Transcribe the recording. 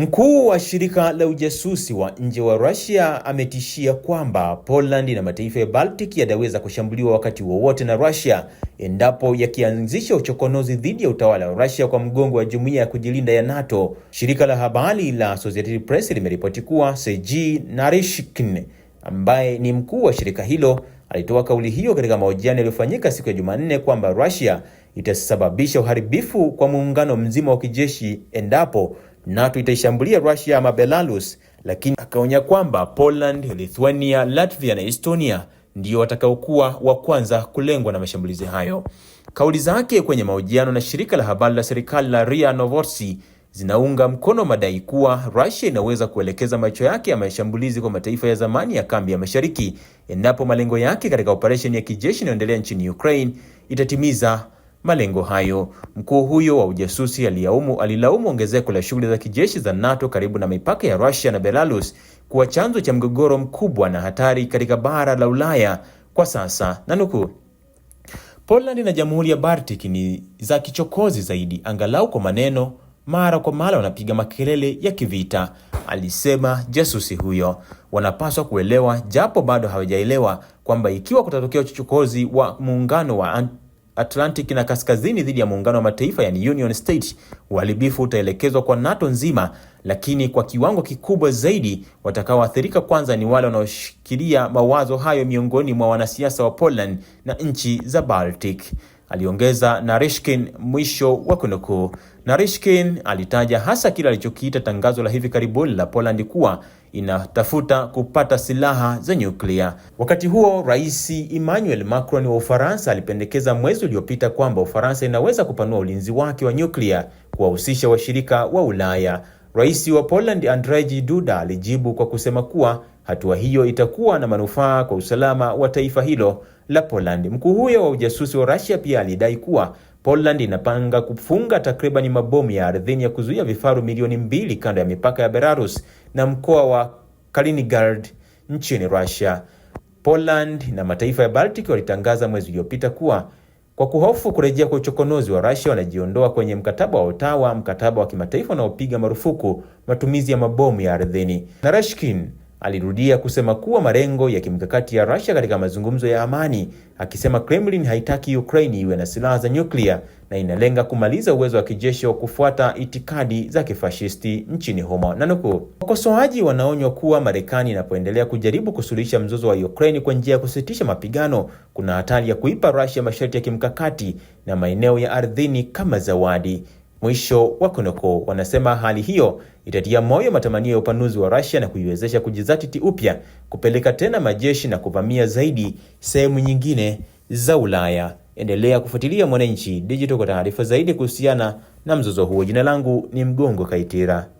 Mkuu wa shirika la ujasusi wa nje wa Russia ametishia kwamba Poland na mataifa ya Baltic yataweza kushambuliwa wakati wowote na Russia endapo yakianzisha uchokonozi dhidi ya utawala wa Russia kwa mgongo wa jumuiya ya kujilinda ya NATO. Shirika la habari la Associated Press limeripoti kuwa Sergei Narishkin ambaye ni mkuu wa shirika hilo alitoa kauli hiyo katika mahojiano yaliyofanyika siku ya Jumanne kwamba Russia itasababisha uharibifu kwa muungano mzima wa kijeshi endapo NATO itaishambulia Russia ama Belarus, lakini akaonya kwamba Poland, Lithuania, Latvia na Estonia ndio watakaokuwa wa kwanza kulengwa na mashambulizi hayo. Kauli zake kwenye mahojiano na shirika la habari la serikali la RIA Novosti zinaunga mkono madai kuwa Russia inaweza kuelekeza macho yake ya mashambulizi kwa mataifa ya zamani ya kambi ya Mashariki endapo malengo yake katika operesheni ya kijeshi inayoendelea nchini Ukraine itatimiza malengo hayo. Mkuu huyo wa ujasusi alilaumu alilaumu ongezeko la shughuli za kijeshi za NATO karibu na mipaka ya Russia na Belarus kuwa chanzo cha mgogoro mkubwa na hatari katika bara la Ulaya kwa sasa, na nukuu, Poland na Jamhuri ya Baltic ni za kichokozi zaidi, angalau kwa maneno, mara kwa mara wanapiga makelele ya kivita, alisema jasusi huyo. Wanapaswa kuelewa, japo bado hawajaelewa, kwamba ikiwa kutatokea uchokozi wa muungano wa Atlantic na kaskazini dhidi ya muungano wa mataifa yani Union State, uharibifu utaelekezwa kwa NATO nzima, lakini kwa kiwango kikubwa zaidi watakaoathirika kwanza ni wale wanaoshikilia mawazo hayo miongoni mwa wanasiasa wa Poland na nchi za Baltic, aliongeza Narishkin, mwisho wa kunukuu. Narishkin alitaja hasa kile alichokiita tangazo la hivi karibuni la Poland kuwa inatafuta kupata silaha za nyuklia. Wakati huo, Rais Emmanuel Macron wa Ufaransa alipendekeza mwezi uliopita kwamba Ufaransa inaweza kupanua ulinzi wake wa nyuklia kuwahusisha washirika wa Ulaya. Rais wa Poland Andrzej Duda alijibu kwa kusema kuwa hatua hiyo itakuwa na manufaa kwa usalama wa taifa hilo la Poland. Mkuu huyo wa ujasusi wa Russia pia alidai kuwa Poland inapanga kufunga takribani mabomu ya ardhini ya kuzuia vifaru milioni mbili kando ya mipaka ya Belarus na mkoa wa Kaliningrad nchini Russia. Poland na mataifa ya Baltic walitangaza mwezi uliopita kuwa kwa kuhofu kurejea kwa uchokonozi wa Russia, wanajiondoa kwenye mkataba wa Ottawa, mkataba wa kimataifa unaopiga marufuku matumizi ya mabomu ya ardhini. Narashkin alirudia kusema kuwa malengo ya kimkakati ya Russia katika mazungumzo ya amani, akisema Kremlin haitaki Ukraine iwe na silaha za nyuklia na inalenga kumaliza uwezo wa kijeshi wa kufuata itikadi za kifashisti nchini humo. Nanukuu, wakosoaji wanaonywa kuwa Marekani inapoendelea kujaribu kusuluhisha mzozo wa Ukraine kwa njia ya kusitisha mapigano, kuna hatari ya kuipa Russia masharti ya kimkakati na maeneo ya ardhini kama zawadi. Mwisho wa kunukuu. Wanasema hali hiyo itatia moyo matamanio ya upanuzi wa Russia na kuiwezesha kujizatiti upya, kupeleka tena majeshi na kuvamia zaidi sehemu nyingine za Ulaya. Endelea kufuatilia Mwananchi Digital kwa taarifa zaidi kuhusiana na mzozo huo. Jina langu ni Mgongo Kaitira.